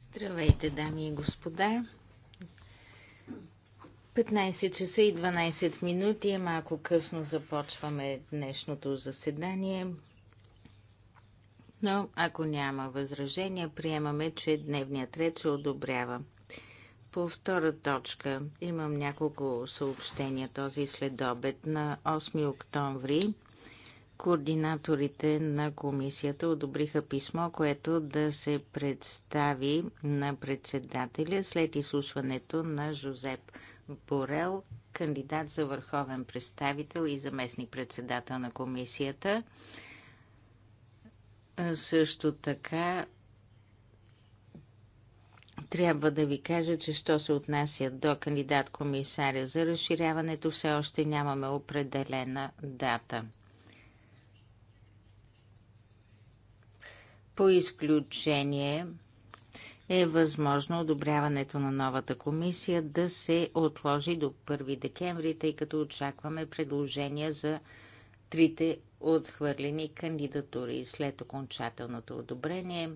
Здравейте, дами и господа. 15 часа и 12 минути, е малко късно започваме днешното заседание. Но ако няма възражения, приемаме, че дневният ред се одобрява. По втора точка имам няколко съобщения този следобед на 8 октомври Координаторите на комисията одобриха писмо, което да се представи на председателя след изслушването на Жозеп Борел, кандидат за върховен представител и заместник-председател на комисията. Също така трябва да ви кажа, че що се отнася до кандидат комисаря за разширяването, все още нямаме определена дата – По изключение е възможно одобряването на новата комисия да се отложи до 1 декември, тъй като очакваме предложения за трите отхвърлени кандидатури. След окончателното одобрение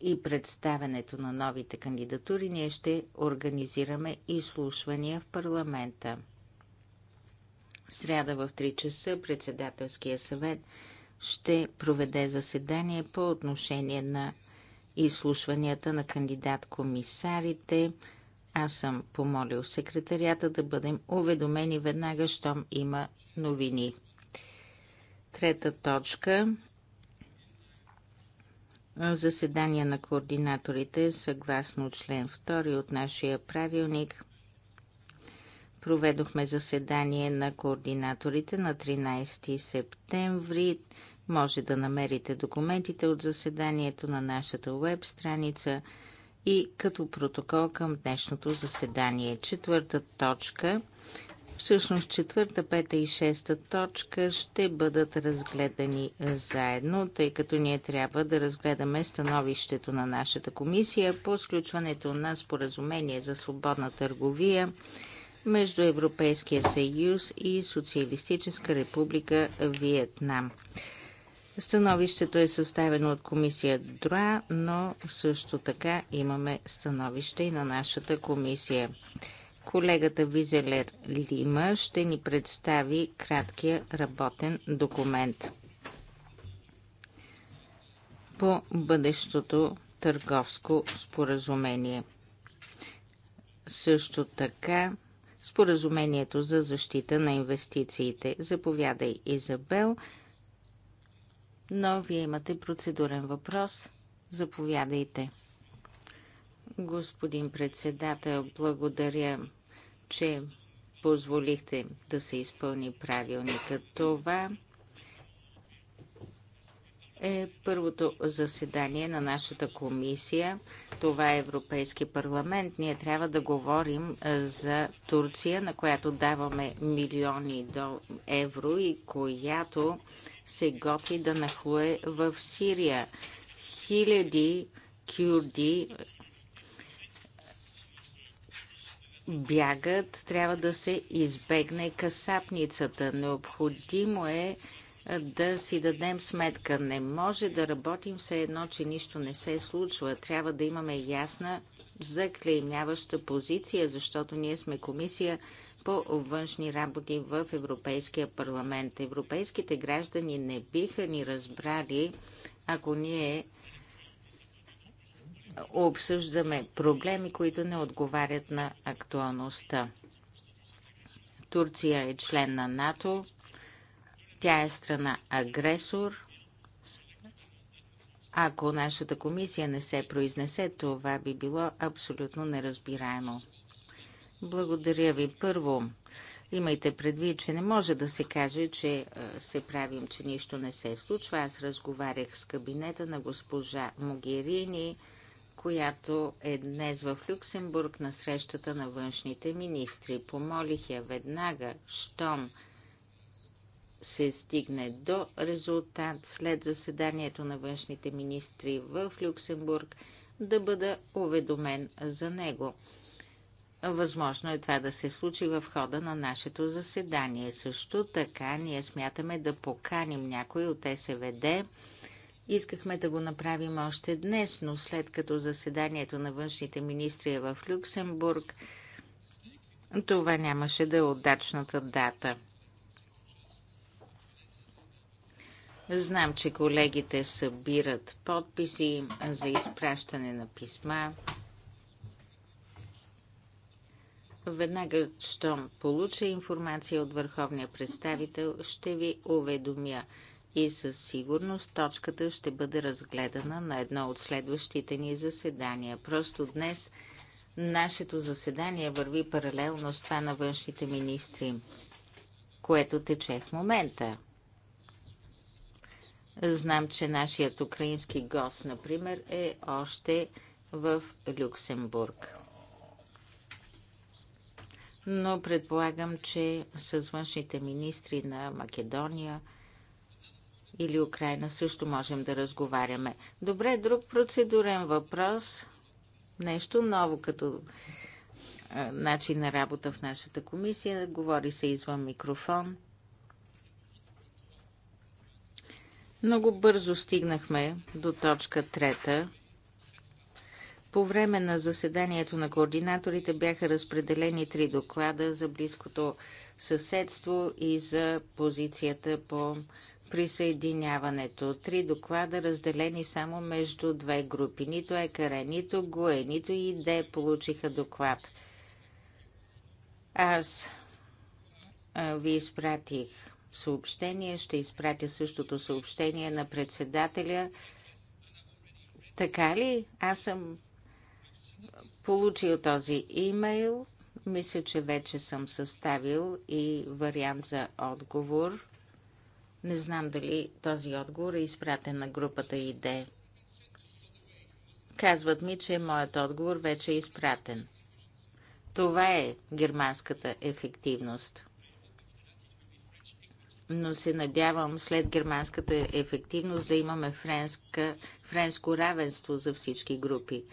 и представянето на новите кандидатури, ние ще организираме изслушвания в парламента. Сряда в 3 часа председателския съвет – ще проведе заседание по отношение на изслушванията на кандидат-комисарите. Аз съм помолил секретарията да бъдем уведомени веднага, щом има новини. Трета точка заседание на координаторите съгласно член 2 от нашия правилник Проведохме заседание на координаторите на 13 септември. Може да намерите документите от заседанието на нашата веб страница и като протокол към днешното заседание. Четвърта точка, всъщност четвърта, пета и шеста точка ще бъдат разгледани заедно, тъй като ние трябва да разгледаме становището на нашата комисия по сключването на споразумение за свободна търговия между Европейския съюз и Социалистическа република Виетнам. Становището е съставено от комисия ДРА, но също така имаме становище и на нашата комисия. Колегата Визелер Лима ще ни представи краткия работен документ по бъдещото търговско споразумение. Също така споразумението за защита на инвестициите. Заповядай, Изабел. Но вие имате процедурен въпрос. Заповядайте. Господин председател, благодаря, че позволихте да се изпълни правилника. Това е първото заседание на нашата комисия. Това е Европейски парламент. Ние трябва да говорим е, за Турция, на която даваме милиони до евро и която се готви да нахлуе в Сирия. Хиляди кюрди е, бягат, трябва да се избегне касапницата. Необходимо е да си дадем сметка. Не може да работим все едно, че нищо не се случва. Трябва да имаме ясна заклеймяваща позиция, защото ние сме комисия по външни работи в Европейския парламент. Европейските граждани не биха ни разбрали, ако ние обсъждаме проблеми, които не отговарят на актуалността. Турция е член на НАТО, тя е страна агресор. Ако нашата комисия не се произнесе, това би било абсолютно неразбираемо. Благодаря ви. Първо, имайте предвид, че не може да се каже, че е, се правим, че нищо не се случва. Аз разговарях с кабинета на госпожа Могерини, която е днес в Люксембург на срещата на външните министри. Помолих я веднага, щом се стигне до резултат след заседанието на външните министри в Люксембург, да бъда уведомен за него. Възможно е това да се случи в хода на нашето заседание. Също така ние смятаме да поканим някой от СВД. Искахме да го направим още днес, но след като заседанието на външните министри е в Люксембург, това нямаше да е удачната дата. Знам, че колегите събират подписи за изпращане на писма. Веднага, щом получа информация от върховния представител, ще ви уведомя и със сигурност точката ще бъде разгледана на едно от следващите ни заседания. Просто днес нашето заседание върви паралелно с това на външните министри, което тече в момента. Знам, че нашият украински гост, например, е още в Люксембург. Но предполагам, че с външните министри на Македония или Украина също можем да разговаряме. Добре, друг процедурен въпрос. Нещо ново като начин на работа в нашата комисия. Говори се извън микрофон. Много бързо стигнахме до точка трета. По време на заседанието на координаторите бяха разпределени три доклада за близкото съседство и за позицията по присъединяването. Три доклада разделени само между две групи. Нито ЕКР, нито ГУЕ, нито ИД получиха доклад. Аз ви изпратих съобщение. Ще изпратя същото съобщение на председателя. Така ли? Аз съм получил този имейл. Мисля, че вече съм съставил и вариант за отговор. Не знам дали този отговор е изпратен на групата ИД. Казват ми, че моят отговор вече е изпратен. Това е германската ефективност но се надявам след германската ефективност да имаме френска, френско равенство за всички групи.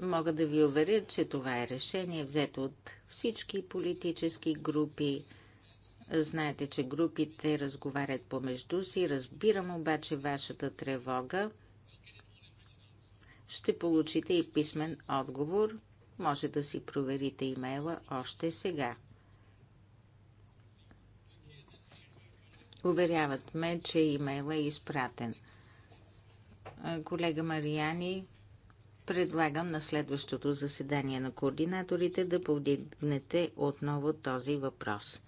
Мога да ви уверя, че това е решение взето от всички политически групи. Знаете, че групите разговарят помежду си. Разбирам обаче вашата тревога. Ще получите и писмен отговор. Може да си проверите имейла още сега. Уверяват ме, че имейл е изпратен. Колега Мариани, предлагам на следващото заседание на координаторите да повдигнете отново този въпрос.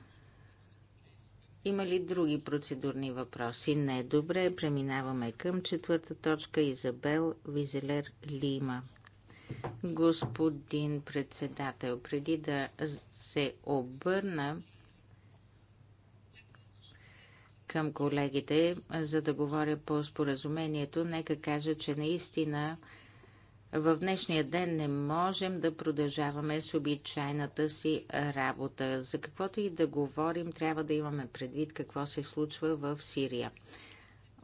Има ли други процедурни въпроси? Не. Добре, преминаваме към четвърта точка. Изабел Визелер Лима. Господин председател, преди да се обърна към колегите, за да говоря по споразумението, нека кажа, че наистина в днешния ден не можем да продължаваме с обичайната си работа. За каквото и да говорим, трябва да имаме предвид какво се случва в Сирия.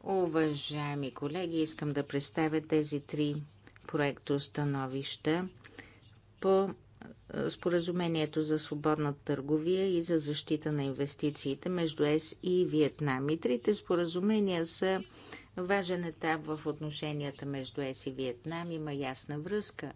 Уважаеми колеги, искам да представя тези три проектостановища по е, споразумението за свободна търговия и за защита на инвестициите между ЕС и Виетнам. И трите споразумения са важен етап в отношенията между ЕС и Виетнам. Има ясна връзка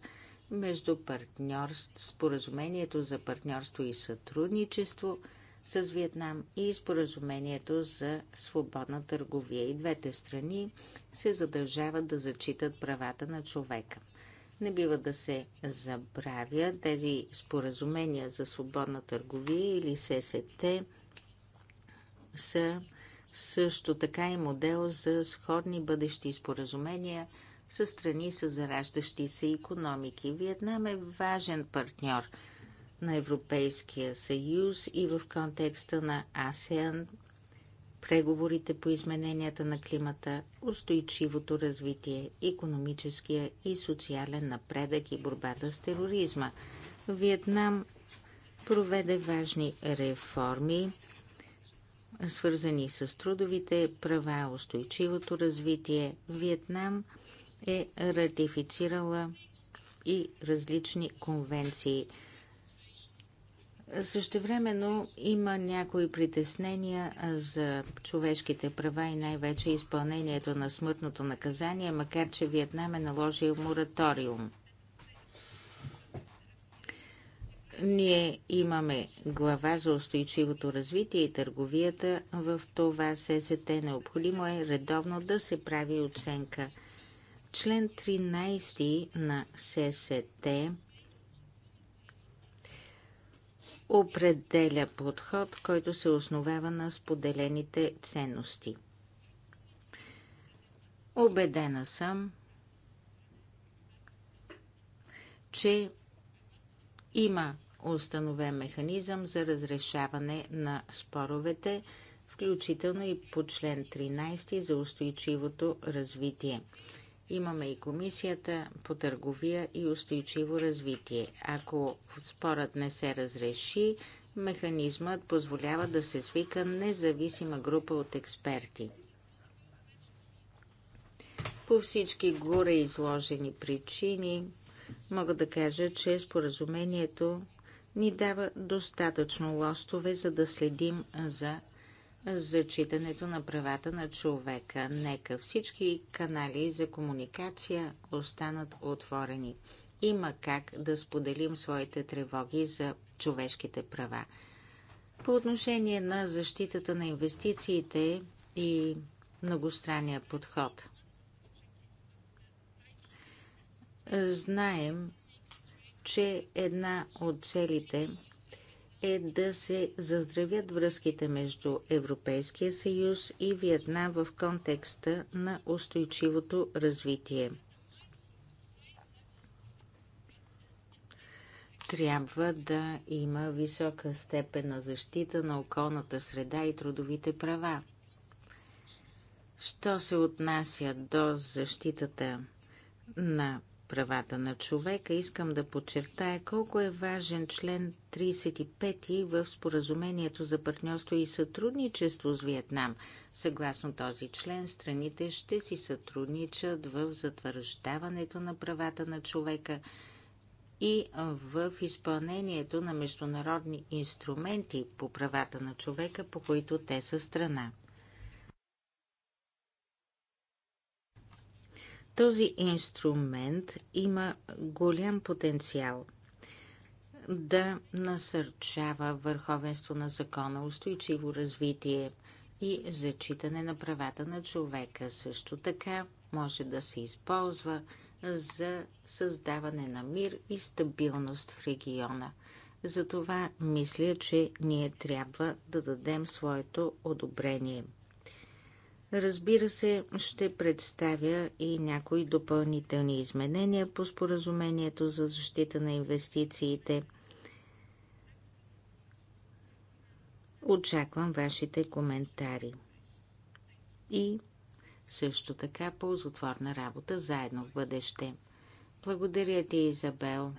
между партньорство, споразумението за партньорство и сътрудничество с Виетнам и споразумението за свободна търговия. И двете страни се задължават да зачитат правата на човека. Не бива да се забравя тези споразумения за свободна търговия или ССТ са също така и модел за сходни бъдещи споразумения с страни с зараждащи се економики. Виетнам е важен партньор на Европейския съюз и в контекста на АСЕАН преговорите по измененията на климата, устойчивото развитие, економическия и социален напредък и борбата с тероризма. Виетнам проведе важни реформи, свързани с трудовите права, устойчивото развитие. Виетнам е ратифицирала и различни конвенции – Същевременно има някои притеснения за човешките права и най-вече изпълнението на смъртното наказание, макар че Виетнам е наложил мораториум. Ние имаме глава за устойчивото развитие и търговията в това ССТ. Необходимо е редовно да се прави оценка. Член 13 на ССТ определя подход, който се основава на споделените ценности. Обедена съм, че има установен механизъм за разрешаване на споровете, включително и по член 13 за устойчивото развитие. Имаме и комисията по търговия и устойчиво развитие. Ако спорът не се разреши, механизмът позволява да се свика независима група от експерти. По всички горе изложени причини, мога да кажа, че споразумението ни дава достатъчно лостове, за да следим за зачитането на правата на човека. Нека всички канали за комуникация останат отворени. Има как да споделим своите тревоги за човешките права. По отношение на защитата на инвестициите и многостранния подход. Знаем, че една от целите – е да се заздравят връзките между Европейския съюз и Виетнам в контекста на устойчивото развитие. Трябва да има висока степен на защита на околната среда и трудовите права. Що се отнася до защитата на правата на човека, искам да подчертая колко е важен член 35 в Споразумението за партньорство и сътрудничество с Виетнам. Съгласно този член, страните ще си сътрудничат в затвърждаването на правата на човека и в изпълнението на международни инструменти по правата на човека, по които те са страна. Този инструмент има голям потенциал да насърчава върховенство на закона, устойчиво развитие и зачитане на правата на човека. Също така може да се използва за създаване на мир и стабилност в региона. Затова мисля, че ние трябва да дадем своето одобрение. Разбира се, ще представя и някои допълнителни изменения по споразумението за защита на инвестициите. Очаквам вашите коментари. И също така ползотворна работа заедно в бъдеще. Благодаря ти, Изабел.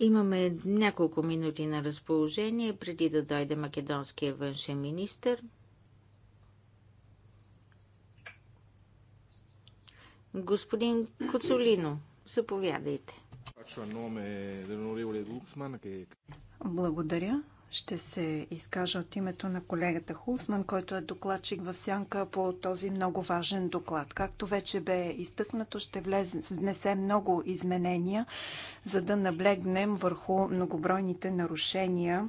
Имаме няколко минути на разположение преди да дойде македонския външен министр. Господин Коцолино, заповядайте. Благодаря. Ще се изкажа от името на колегата Хулсман, който е докладчик в сянка по този много важен доклад. Както вече бе изтъкнато, ще внесе много изменения, за да наблегнем върху многобройните нарушения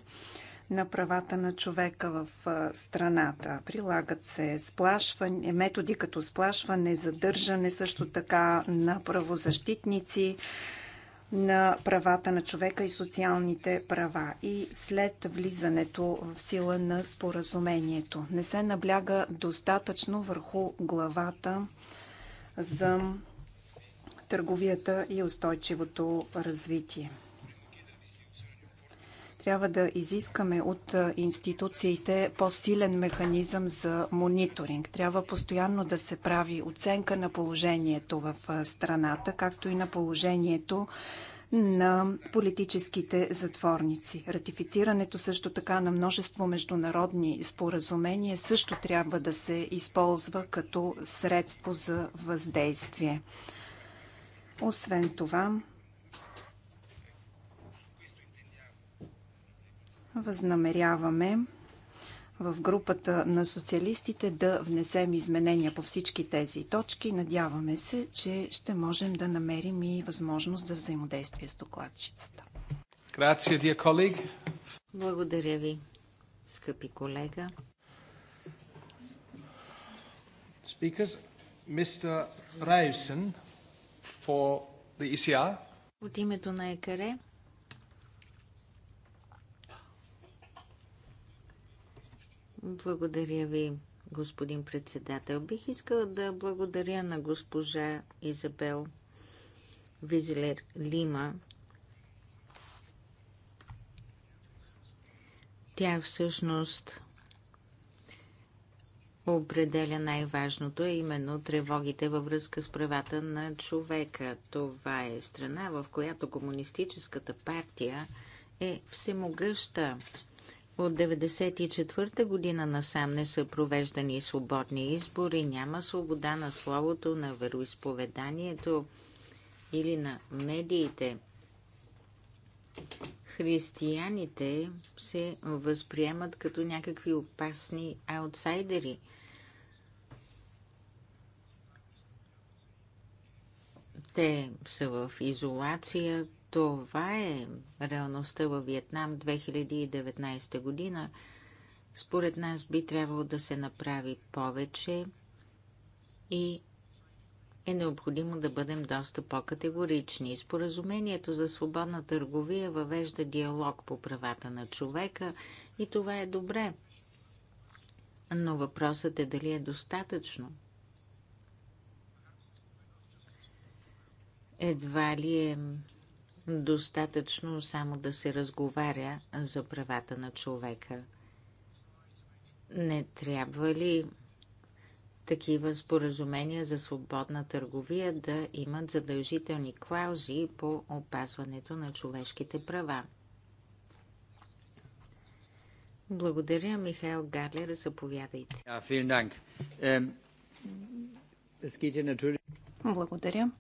на правата на човека в страната. Прилагат се сплашване, методи като сплашване, задържане също така на правозащитници, на правата на човека и социалните права и след влизането в сила на споразумението. Не се набляга достатъчно върху главата за търговията и устойчивото развитие трябва да изискаме от институциите по-силен механизъм за мониторинг. Трябва постоянно да се прави оценка на положението в страната, както и на положението на политическите затворници. Ратифицирането също така на множество международни споразумения също трябва да се използва като средство за въздействие. Освен това, Възнамеряваме в групата на социалистите да внесем изменения по всички тези точки. Надяваме се, че ще можем да намерим и възможност за взаимодействие с докладчицата. Благодаря ви, скъпи колега. Speakers, Mr. for the ECR. От името на ЕКРЕ. Благодаря ви, господин председател. Бих искала да благодаря на госпожа Изабел Визелер Лима. Тя всъщност определя най-важното, е именно тревогите във връзка с правата на човека. Това е страна, в която комунистическата партия е всемогъща. От 1994 година насам не са провеждани свободни избори, няма свобода на словото, на вероисповеданието или на медиите. Християните се възприемат като някакви опасни аутсайдери. Те са в изолация, това е реалността във Виетнам 2019 година. Според нас би трябвало да се направи повече и е необходимо да бъдем доста по-категорични. Споразумението за свободна търговия въвежда диалог по правата на човека и това е добре. Но въпросът е дали е достатъчно. Едва ли е достатъчно само да се разговаря за правата на човека. Не трябва ли такива споразумения за свободна търговия да имат задължителни клаузи по опазването на човешките права? Благодаря, Михаил Гарлер. Заповядайте. Ähm, Благодаря.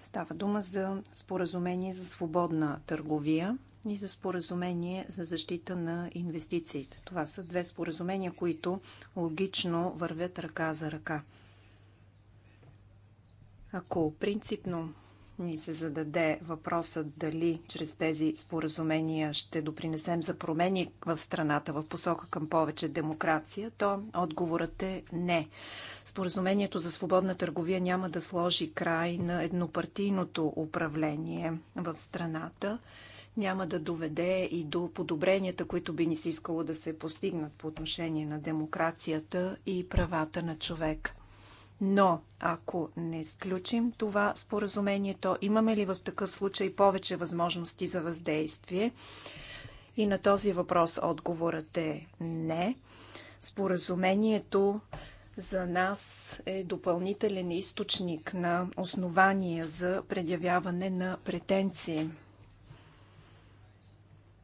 Става дума за споразумение за свободна търговия и за споразумение за защита на инвестициите. Това са две споразумения, които логично вървят ръка за ръка. Ако принципно ни се зададе въпросът дали чрез тези споразумения ще допринесем за промени в страната в посока към повече демокрация, то отговорът е не. Споразумението за свободна търговия няма да сложи край на еднопартийното управление в страната няма да доведе и до подобренията, които би ни се искало да се постигнат по отношение на демокрацията и правата на човек. Но ако не изключим това споразумение, то имаме ли в такъв случай повече възможности за въздействие? И на този въпрос отговорът е не. Споразумението за нас е допълнителен източник на основания за предявяване на претенции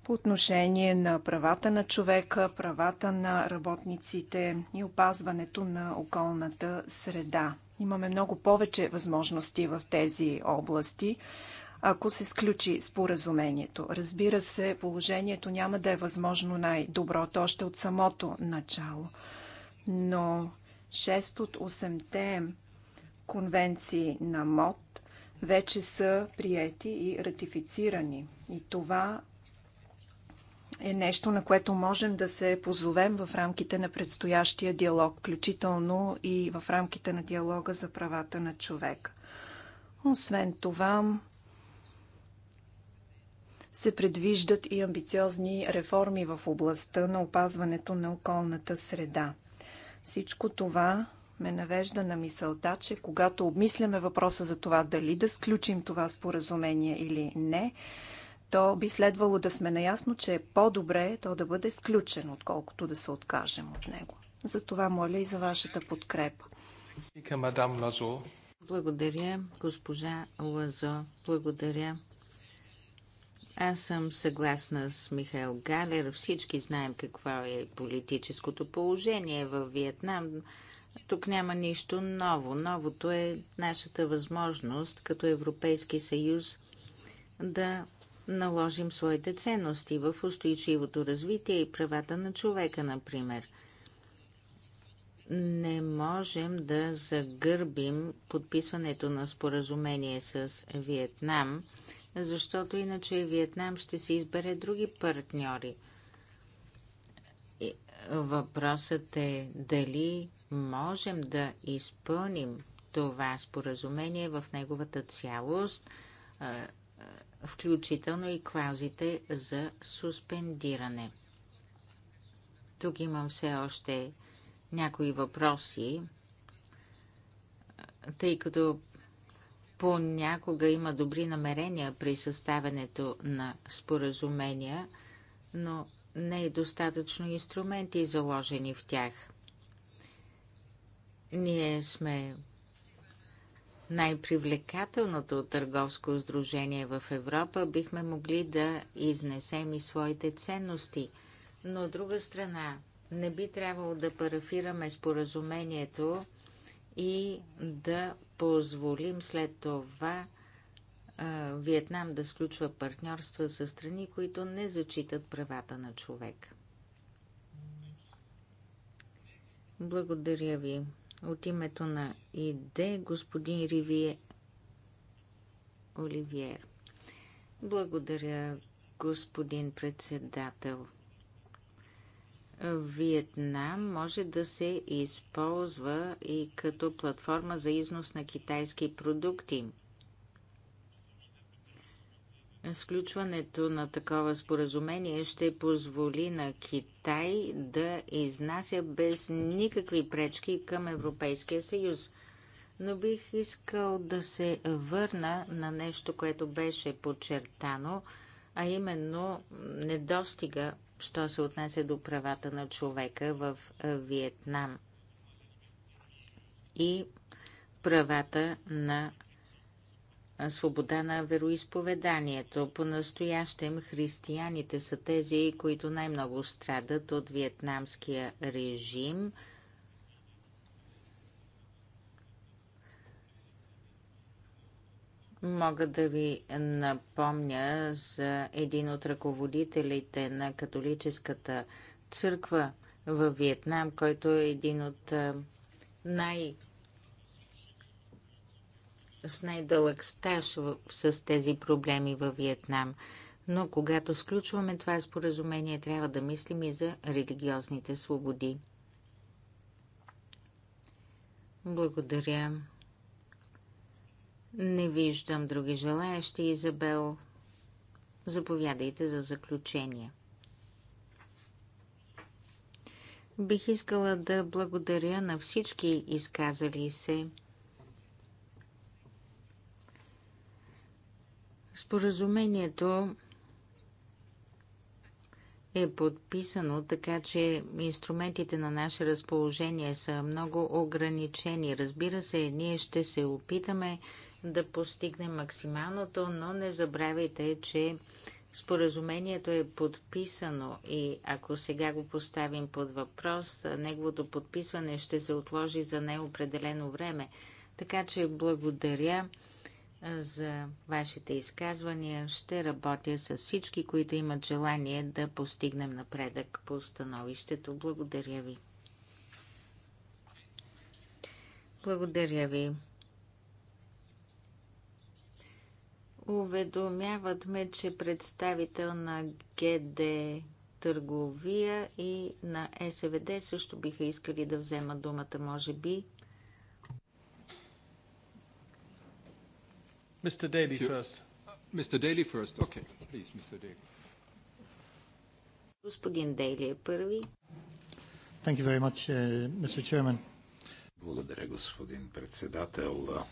по отношение на правата на човека, правата на работниците и опазването на околната среда. Имаме много повече възможности в тези области, ако се сключи споразумението. Разбира се, положението няма да е възможно най-доброто още от самото начало, но 6 от 8-те конвенции на МОД вече са приети и ратифицирани. И това е нещо, на което можем да се позовем в рамките на предстоящия диалог, включително и в рамките на диалога за правата на човека. Освен това, се предвиждат и амбициозни реформи в областта на опазването на околната среда. Всичко това ме навежда на мисълта, че когато обмисляме въпроса за това дали да сключим това споразумение или не, то би следвало да сме наясно, че е по-добре то да бъде сключено, отколкото да се откажем от него. За това моля и за вашата подкрепа. Благодаря, госпожа Лазо. Благодаря. Аз съм съгласна с Михаил Галер. Всички знаем какво е политическото положение в Виетнам. Тук няма нищо ново. Новото е нашата възможност като Европейски съюз да наложим своите ценности в устойчивото развитие и правата на човека, например. Не можем да загърбим подписването на споразумение с Виетнам, защото иначе Виетнам ще си избере други партньори. Въпросът е дали можем да изпълним това споразумение в неговата цялост – включително и клаузите за суспендиране. Тук имам все още някои въпроси, тъй като понякога има добри намерения при съставянето на споразумения, но не е достатъчно инструменти заложени в тях. Ние сме най-привлекателното търговско сдружение в Европа, бихме могли да изнесем и своите ценности. Но от друга страна, не би трябвало да парафираме споразумението и да позволим след това Виетнам да сключва партньорства с страни, които не зачитат правата на човек. Благодаря ви. От името на ИД, господин Ривие Оливиер. Благодаря, господин председател. Виетнам може да се използва и като платформа за износ на китайски продукти – Сключването на такова споразумение ще позволи на Китай да изнася без никакви пречки към Европейския съюз. Но бих искал да се върна на нещо, което беше подчертано, а именно недостига, що се отнесе до правата на човека в Виетнам и правата на свобода на вероисповеданието. По-настоящем християните са тези, които най-много страдат от вьетнамския режим. Мога да ви напомня за един от ръководителите на католическата църква във Виетнам, който е един от най- с най-дълъг стаж с тези проблеми във Виетнам. Но когато сключваме това споразумение, трябва да мислим и за религиозните свободи. Благодаря. Не виждам други желаящи, Изабел. Заповядайте за заключение. Бих искала да благодаря на всички изказали се. Споразумението е подписано, така че инструментите на наше разположение са много ограничени. Разбира се, ние ще се опитаме да постигнем максималното, но не забравяйте, че споразумението е подписано и ако сега го поставим под въпрос, неговото подписване ще се отложи за неопределено време. Така че благодаря за вашите изказвания. Ще работя с всички, които имат желание да постигнем напредък по становището. Благодаря ви. Благодаря ви. Уведомяват ме, че представител на ГД търговия и на СВД също биха искали да взема думата, може би. Mr. Daly first. Uh, Mr. Daly first. Okay, please, Mr. Daly. Господин Дейли е първи. Thank you very much, uh, Mr. Chairman. Благодаря, господин председател.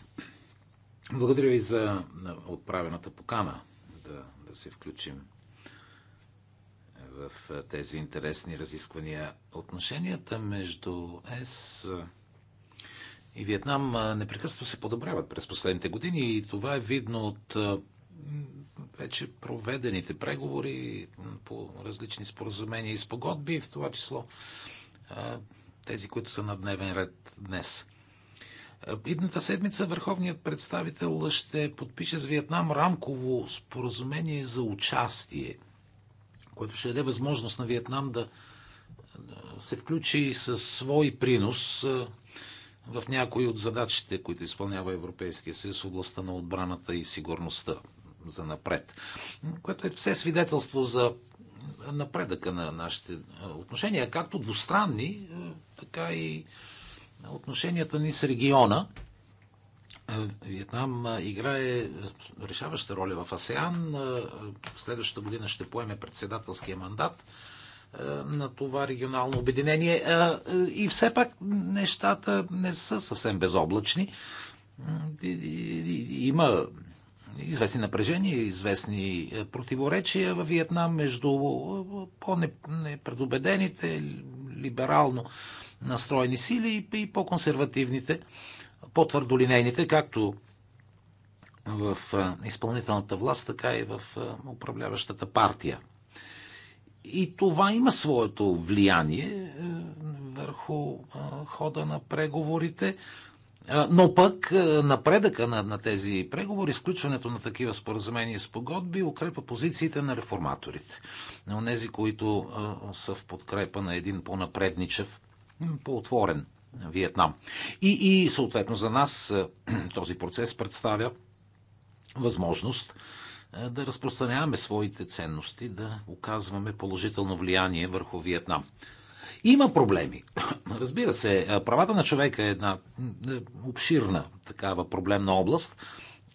Благодаря ви за отправената покана да, да се включим в тези интересни разисквания. Отношенията между ЕС, и Виетнам непрекъснато се подобряват през последните години и това е видно от вече проведените преговори по различни споразумения и спогодби, в това число тези, които са на дневен ред днес. Идната седмица върховният представител ще подпише с Виетнам рамково споразумение за участие, което ще даде възможност на Виетнам да се включи със свой принос в някои от задачите, които изпълнява Европейския съюз в областта на отбраната и сигурността за напред. Което е все свидетелство за напредъка на нашите отношения, както двустранни, така и отношенията ни с региона. Виетнам играе решаваща роля в АСЕАН. Следващата година ще поеме председателския мандат е, на това регионално обединение. Е, е, и все пак нещата не са съвсем безоблачни. Има известни напрежения, известни противоречия във Виетнам между по-непредубедените, либерално настроени сили и по-консервативните, по-твърдолинейните, както в изпълнителната власт, така и в управляващата партия. И това има своето влияние е, върху хода на преговорите. Но пък е, напредъка на, на тези преговори, изключването на такива споразумения с погодби, укрепа позициите на реформаторите. На тези, които са в подкрепа на един по-напредничев, по-отворен Виетнам. И, и съответно за нас е, този процес представя възможност е, да разпространяваме своите ценности, да оказваме положително влияние върху Виетнам. Има проблеми. Разбира се, е, правата на човека е една е, обширна такава проблемна област,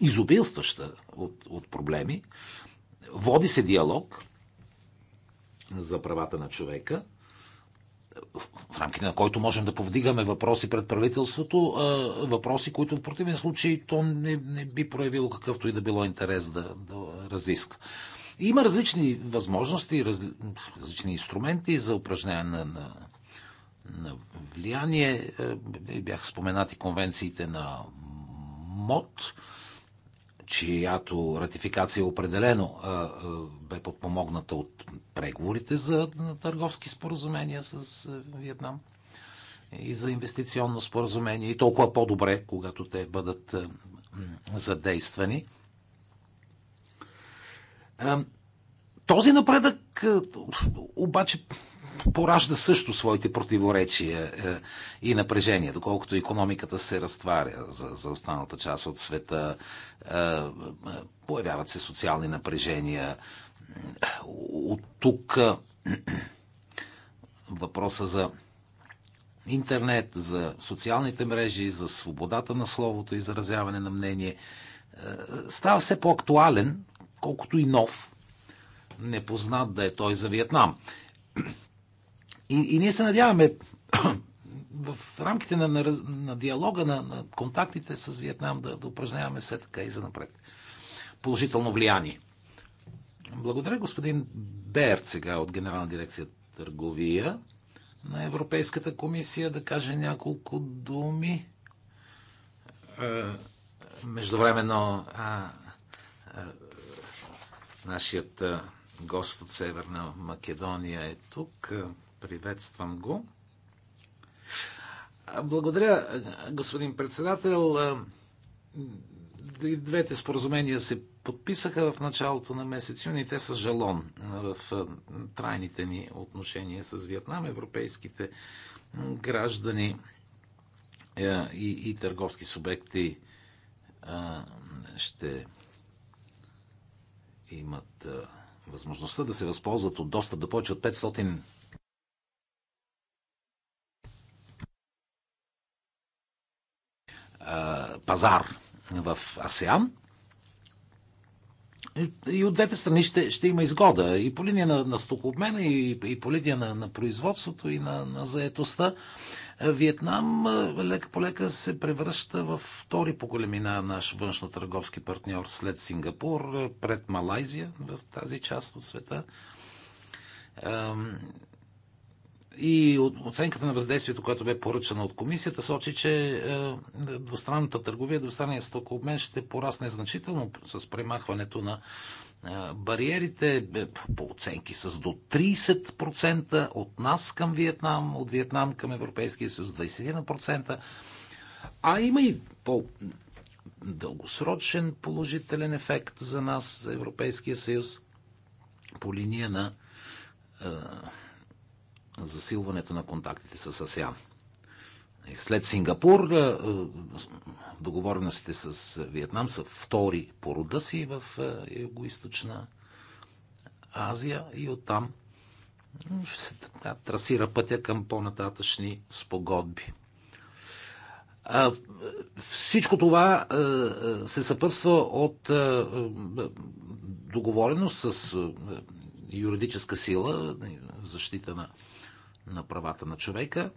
изобилстваща от, от проблеми. Води се диалог за правата на човека рамките на който можем да повдигаме въпроси пред правителството, въпроси, които в противен случай то не, не би проявило какъвто и да било интерес да, да разиска. Има различни възможности, раз, различни инструменти за упражняване на, на, на влияние. Е, Бях споменати конвенциите на МОД, чиято ратификация определено бе подпомогната от преговорите за търговски споразумения с Виетнам и за инвестиционно споразумение. И толкова по-добре, когато те бъдат задействани. Този напредък обаче поражда също своите противоречия е, и напрежения, доколкото економиката се разтваря за, за останалата част от света, е, е, появяват се социални напрежения. От тук въпроса за интернет, за социалните мрежи, за свободата на словото и заразяване на мнение става все по-актуален, колкото и нов, непознат да е той за Виетнам. И, и ние се надяваме в рамките на, на, на диалога, на, на контактите с Виетнам да, да упражняваме все така и за напред положително влияние. Благодаря господин Берт сега от Генерална дирекция търговия на Европейската комисия да каже няколко думи. Е, междувременно а, а, нашият гост от Северна Македония е тук. Приветствам го. Благодаря, господин председател. Двете споразумения се подписаха в началото на месец юни. Те са жалон в трайните ни отношения с Виетнам. Европейските граждани и, и търговски субекти ще имат възможността да се възползват от достъп до повече от 500 пазар в АСЕАН. И от двете страни ще, ще има изгода. И по линия на, на стокообмена, и, и по линия на, на производството, и на, на заетостта. Виетнам лека по лека се превръща в втори по големина наш външно-търговски партньор след Сингапур, пред Малайзия в тази част от света. И оценката на въздействието, което бе поръчана от комисията, сочи, че е, двустранната търговия, двустранният стокообмен ще порасне значително с премахването на е, бариерите е, по оценки с до 30% от нас към Виетнам, от Виетнам към Европейския съюз 21%. А има и по дългосрочен положителен ефект за нас, за Европейския съюз, по линия на засилването на контактите с АСЕАН. След Сингапур е, е, договореностите с Виетнам са втори по рода си в е, Юго-Источна Азия и оттам ще се да, трасира пътя към по-нататъчни спогодби. А, всичко това а, се съпътства от а, договореност с а, юридическа сила, защита на на правата на човека,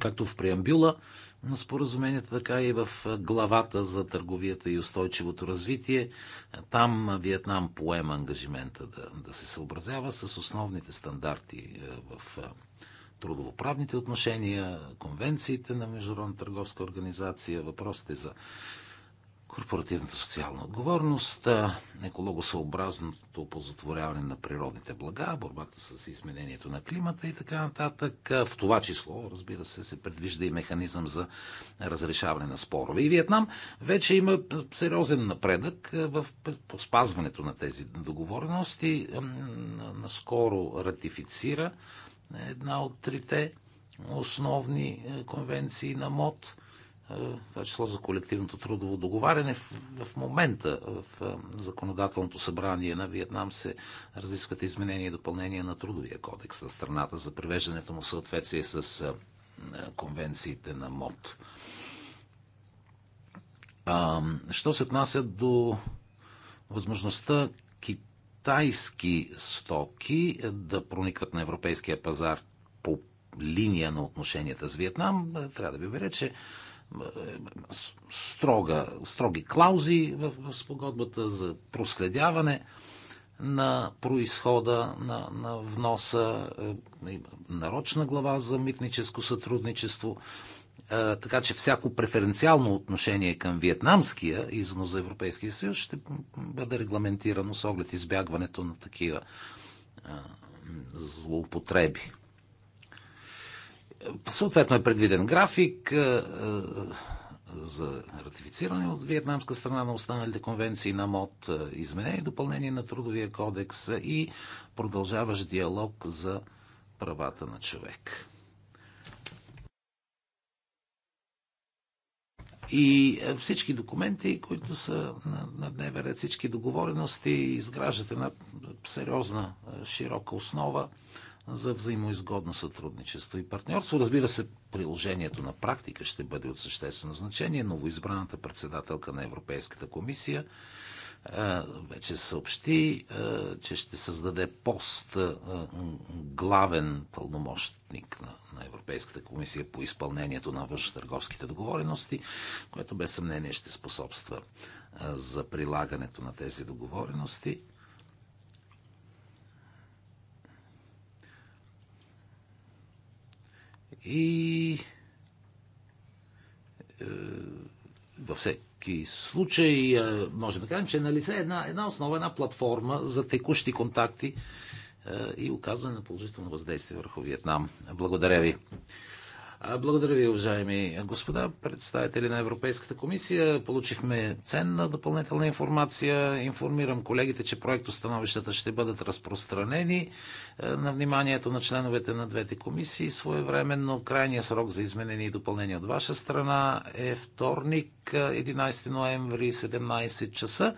както в преамбюла на споразумението, така и в главата за търговията и устойчивото развитие. Там Виетнам поема ангажимента да, да се съобразява с основните стандарти е, в е, трудовоправните отношения, конвенциите на Международна търговска организация, въпросите за корпоративната социална отговорност, екологосъобразното опозотворяване на природните блага, борбата с изменението на климата и така нататък. В това число, разбира се, се предвижда и механизъм за разрешаване на спорове. И Виетнам вече има сериозен напредък в спазването на тези договорености. Наскоро ратифицира една от трите основни конвенции на МОД – е, това е число за колективното трудово договаряне. В, в момента в е, Законодателното събрание на Виетнам се разискват изменения и допълнения на трудовия кодекс на страната за привеждането му в съответствие с конвенциите на МОД. Що се отнася до възможността китайски стоки да проникват на европейския пазар по линия на отношенията с Виетнам, трябва да ви уверя, че строга, строги клаузи в, в спогодбата за проследяване на происхода на, на вноса, е, нарочна глава за митническо сътрудничество. Е, така че всяко преференциално отношение към виетнамския износ за Европейския съюз ще бъде регламентирано с оглед избягването на такива е, злоупотреби. Съответно е предвиден график е, е, за ратифициране от вьетнамска страна на останалите конвенции на МОД, е, изменение и допълнение на Трудовия кодекс и продължаващ диалог за правата на човек. И всички документи, които са на, на дневен ред, всички договорености изграждат една сериозна, широка основа за взаимоизгодно сътрудничество и партньорство. Разбира се, приложението на практика ще бъде от съществено значение. Новоизбраната председателка на Европейската комисия е, вече съобщи, е, че ще създаде пост е, главен пълномощник на Европейската комисия по изпълнението на външно-търговските договорености, което без съмнение ще способства за прилагането на тези договорености. И е, във всеки случай е, можем да кажем, че е на лице е една, една основа, една платформа за текущи контакти и оказване на положително въздействие върху Виетнам. Благодаря ви. Благодаря ви, уважаеми господа, представители на Европейската комисия. Получихме ценна допълнителна информация. Информирам колегите, че проектостановищата ще бъдат разпространени е, на вниманието на членовете на двете комисии своевременно. Крайният срок за изменение и допълнение от ваша страна е вторник, 11 е, ноември, 17 часа.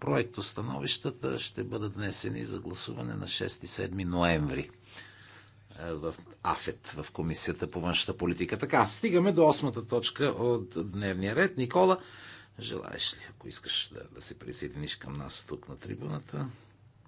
Проектостановищата ще бъдат внесени за гласуване на 6-7 ноември в АФЕТ, в Комисията по външната политика. Така, стигаме до осмата точка от дневния ред. Никола, желаеш ли, ако искаш да, да се присъединиш към нас тук на трибуната?